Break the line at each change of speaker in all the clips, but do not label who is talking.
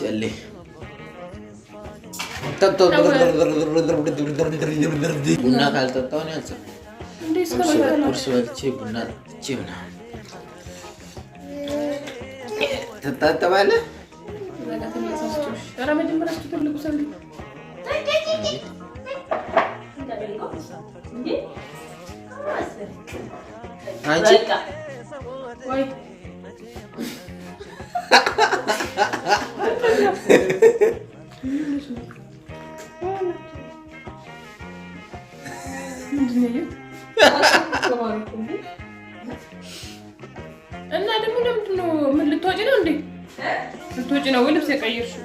ጨሌ ቡና ካልጠጣሁ ቁርስ በልቼ ቡና ጠጥቼ ምናምን ትታጠባለህ። አንቺ እና ደግሞ ለምንድን ነው? ምን ልትወጪ ነው እንዴ? ልትወጪ ነው ወይ ልብስ የቀየርሽው?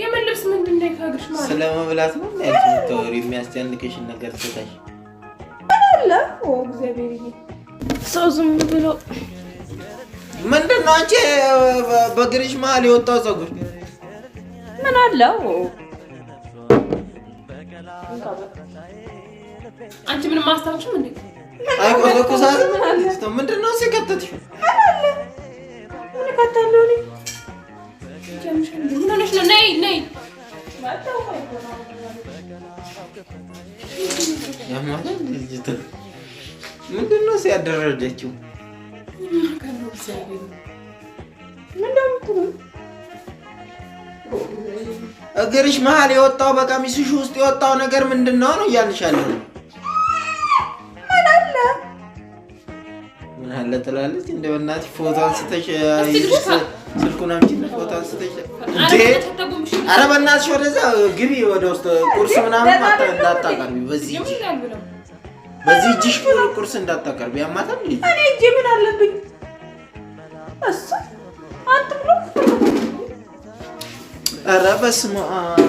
የምን ልብስ ምንድን ነው ማለት ስለ መብላት ነው ያልተወሪ የሚያስጨንቅሽን ነገር ስታሽ አለ። እግዚአብሔር፣ ሰው ዝም ብሎ ምንድን ነው አንቺ መሀል የወጣው ፀጉር ምን አለው? አንቺ ምንም ምንድን ነው ሲከተትሽ? ምን ምንድን ነው ሲያደረጀችው? እግርሽ መሀል የወጣው በቀሚስሽ ውስጥ የወጣው ነገር ምንድን ነው ነው እያልሻለሁ አለ ትላለች። እንደ በእናትሽ ፎቶ አንስተሽ ስልኩን አምጪልኝ፣ ፎቶ አንስተሽ ኧረ በእናትሽ ወደዛ ግቢ፣ ወደ ውስጥ ቁርስ ምናምን እንዳታቀርቢ፣ በዚህ በዚህ እጅሽ ቁርስ እንዳታቀርቢ። ያማታል ልጅ እኔ እጄ ምን አለብኝ? እሱ አትብሎ ኧረ በስመ አብ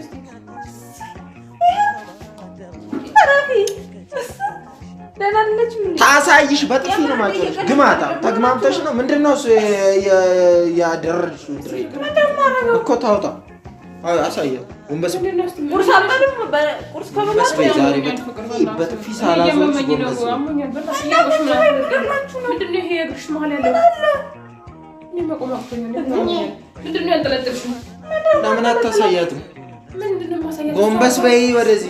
ታሳይሽ በጥፊ ነው ማጨርሽ። ግማታ ተግማምተሽ ነው ምንድነው ነው ያደረግሽው? ድሬ እኮ ታውጣ አሳየ ጎንበስ በጥፊ ሳላዞ ለምን አታሳያትም? ጎንበስ በይ ወደዚህ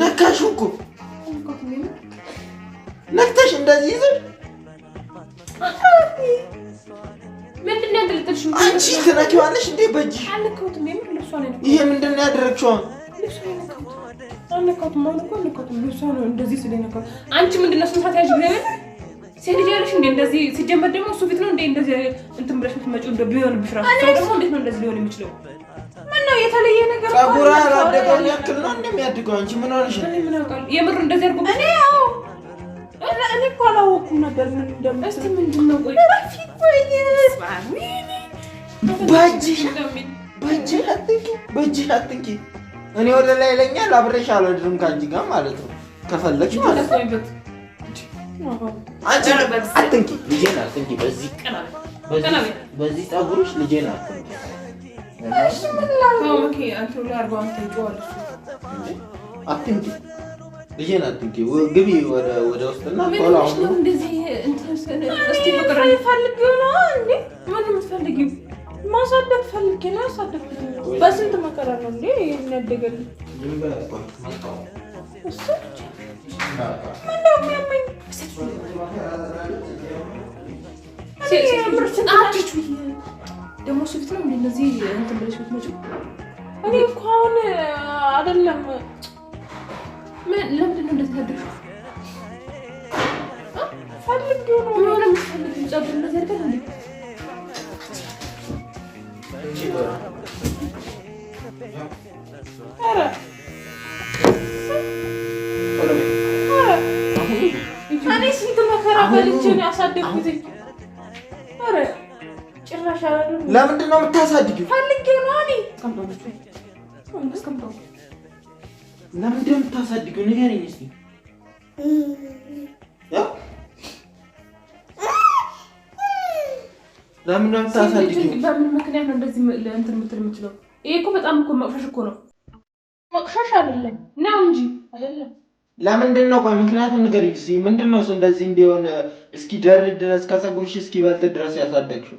ነካሽ እኮ ነክተሽ እንደዚህ ይዘሽ አንቺ ትነኪዋለሽ እንዴ? በእጅ ይሄ ምንድን ነው ያደረግሽው? አንቺ ምንድን ነው ስንት ሰዓት ያዥ ሴት ልጅ ያለሽ እንዴ? እንደዚህ ሲጀመር ደግሞ እሱ ፊት ነው እንዴ እንደዚህ እንትን ብለሽ የምትመጪው? ቢሆንብሽ ራሱ ሰው ደግሞ እንዴት ነው እንደዚህ ሊሆን የሚችለው? የተለየ ነገር ፀጉር አላደገውን ያክል ነው እንደሚያድገው። አንቺ ምን ሆነሽ? የምር እንደዚህ አድርጎ እኔ ያው እኔ እኮ አላወኩም ነበር። ምን እንደም እስቲ ምንድን ነው? ቆይ በእጅሽ አትንኪ። እኔ ወደ ላይ ይለኛል። አብሬሽ አልወድርም ከአንቺ ጋር ማለት ነው። ከፈለግሽ ማለት ነው። አንቺ አትንኪ፣ ልጄን አትንኪ። በዚህ በዚህ ፀጉርሽ ልጄን አትንኪ። አትንኪ ልጄን አትንኪ። ግቢ ወደ ማሳደግ ፈልጌ ነው ያሳደግኩት። በስንት መከራ ነው እንዴ ይሄን ምንድነው የሚያመኝ? ደግሞ እሱ ፊት ነው እንደ እነዚህ እንትን ብለሽ የምትመጪው። እኔ እኮ አሁን አይደለም። ምን ለምንድን ነው እንደተደረገ ፈልግ ሆነ የምታሳድጊው? ፈልጌ ነው። እኔ ለምን እንደምታሳድጊው ንገረኝ እስኪ። ለምን እንደምታሳድጊው? በምን ምክንያት ነው እንደዚህ እንትን የምትል የምችለው? ይሄ እኮ በጣም እኮ መቅሸሽ እኮ ነው። መቅሸሽ አይደለም ነው እንጂ አይደለም። ለምንድን ነው ቆይ፣ ምክንያት ንገሪኝ እስኪ። ምንድን ነው እንደዚህ እንዲሆን እስኪ ደር ድረስ ከፀጉርሽ እስኪ በልጥ ድረስ ያሳደግሽው?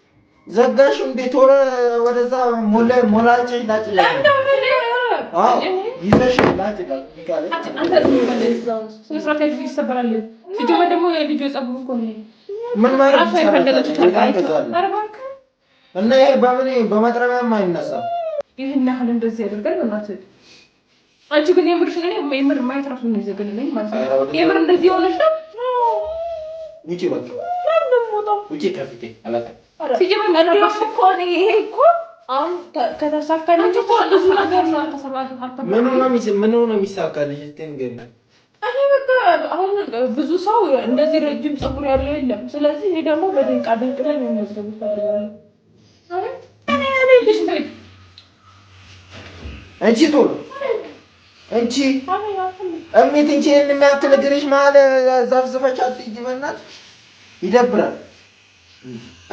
ዘጋሽም እንዴት ሆነ? ወደዛ ሞለ ሞላጭ ላጭላኝ አዎ እና ይሄ በምን በመጥረቢያ የማይነሳ ይሄን ያህል እንደዚህ ያደርጋል። በእናትህ አንቺ ግን የምርሽን እኔ የምር ማየት ራሱ ነው የዘገነነኝ ማለት ነው። የምር እንደዚህ ሆነሽ ነው። ውጪ በቃ ውጪ ከፊቴ አላውቅም ብዙ ሰው እንደዚህ ረጅም ፀጉር ያለው የለም። ስለዚህ ይሄ ደግሞ በደንቃ ደንቅ ላይ የሚመዝገቡ እንቺ ቶሎ እንቺ እሚት እንቺ ይህን የሚያክል እግርሽ መሀል ዛፍዝፈሽ አትሂጂ። በእናትሽ ይደብራል።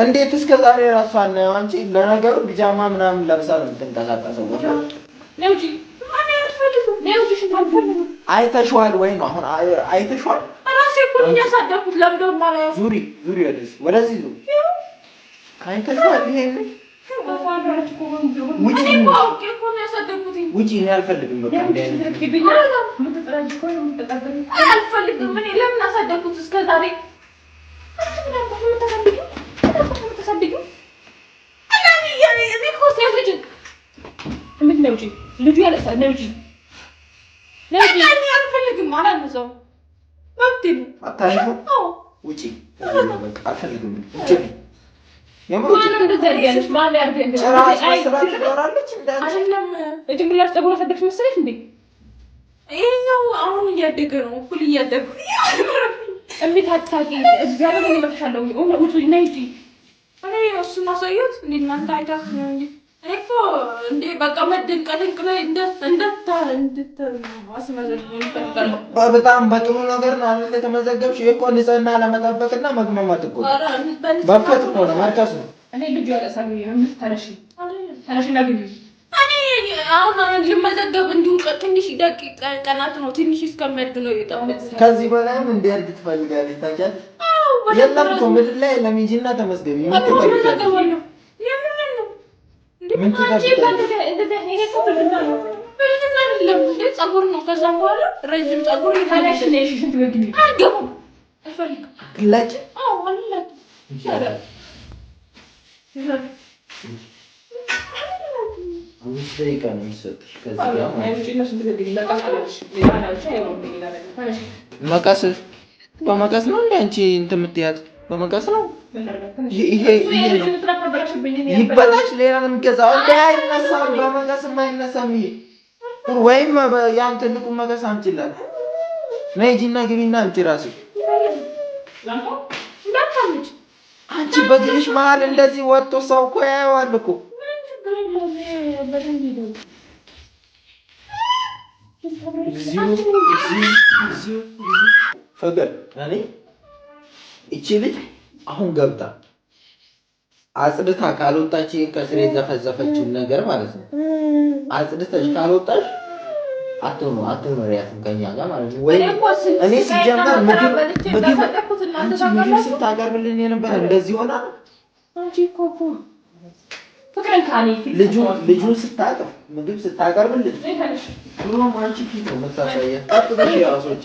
እንዴት እስከ ዛሬ ራሷን አንቺ ለነገሩ ቢጃማ ምናምን ለብሳ ነው የምትንቀሳቀሰው። አይተሽዋል ወይ ነው አሁን? አይተሽዋል ራሴ እኮ እያሳደኩት ለምደው ማለት ዙሪ ዙሪ ወደዚህ ወደዚህ ዙሪ አይተሽዋል። ይሄን ውጪ እኔ አልፈልግም። በቃ አልፈልግም። እኔ ለምን አሳደኩት እስከ ዛሬ አታሳድጊው። ልጁ ያለቅሳል። አሁን እያደገ ነው። እኩል እያደገ እምቢ ታታቂ እግዚአብሔር ይመስሻለሁ። ውጪ ነይ እኔ እሱን ማሳየት እንደ እናንተ አይታፍ ነው እንጂ እኔ እኮ እንደ በቃ መደንቀደንቅ ላይ በጣም በጥሩ ነገር ነው አይደል የተመዘገብሽ። እኮ ንጽህና ለመጠበቅና መግመማት እኮ መፈት እኮ ነው ማርካስ ነው። እኔ ልጅ አሁን ልመዘገብ እንዲሁም ትንሽ ደቂቃ ቀናት ነው ትንሽ እስከሚያድግ ነው የጠበቅ ከዚህ በላይም እንዲያድግ ትፈልጋለች ታውቂያለሽ የለም እኮ ምድር ላይ ለሚጂና ተመስገቢ ጸጉር ነው። ከዛም አምስት ደቂቃ ነው የሚሰጥሽ። ከዚህ ጋር መቀስ በመቀስ ነው እንደ አንቺ እንትን የምትያዝ በመቀስ ነው። ይበላሽ። ሌላ ነው የሚገዛው። እንደ አይነሳም፣ በመቀስም አይነሳም። ይሄ ወይም ያን ትልቁን መቀስ አምጪላት። ነይ ሂጂና ግቢና አምጪ ራሱ አንቺ በግልሽ መሀል እንደዚህ ወጥቶ ሰው እኮ ያየዋል እኮ እግዚኦ ፍቅር እኔ እቺ ልጅ አሁን ገብታ አጽድታ ካልወጣች ከስር የዘፈዘፈችውን ነገር ማለት ነው። አጽድተሽ ካልወጣሽ አትኑ አትኑሪያትም ከኛ ጋር ማለት ነው። ወይ እኔ ሲጀምር ምግብ ምግብ ምግብ ስታቀርብልን የነበረ እንደዚህ ሆና አንቺ ልጁ ልጁ ስታቅፍ ምግብ ስታቀርብልን ምንም አንቺ ፊት ነው መታሳያ ቀጥታ ያሶጫ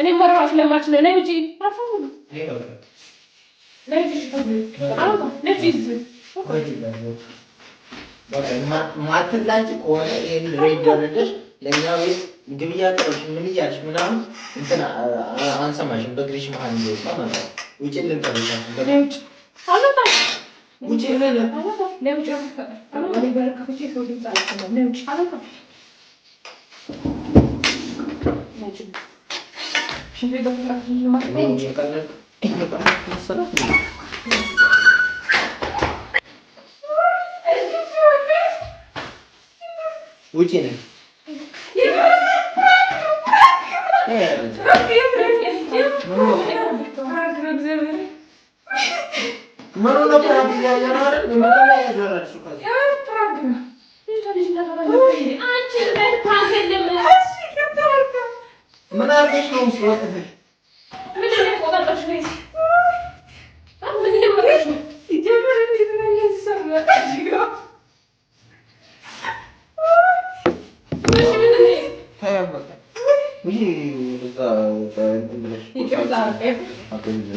እኔ መራዋ ስለማችል ነይ ውጪ። አፉ ማትላንጭ ከሆነ ይህን ሬድ ደረደሽ ለእኛ ቤት ምግብ እያቀረብሽ ምን እያልሽ ምናምን እንትን አንሰማሽም። በግሪሽ መሀል ይወጣ ማለት ውጭ ልንጠብሻ ውጪ ነኝ። من عارف شنو وصلت به من عارف والله قشميت Hey, I'm not. We, uh, uh, English. You can't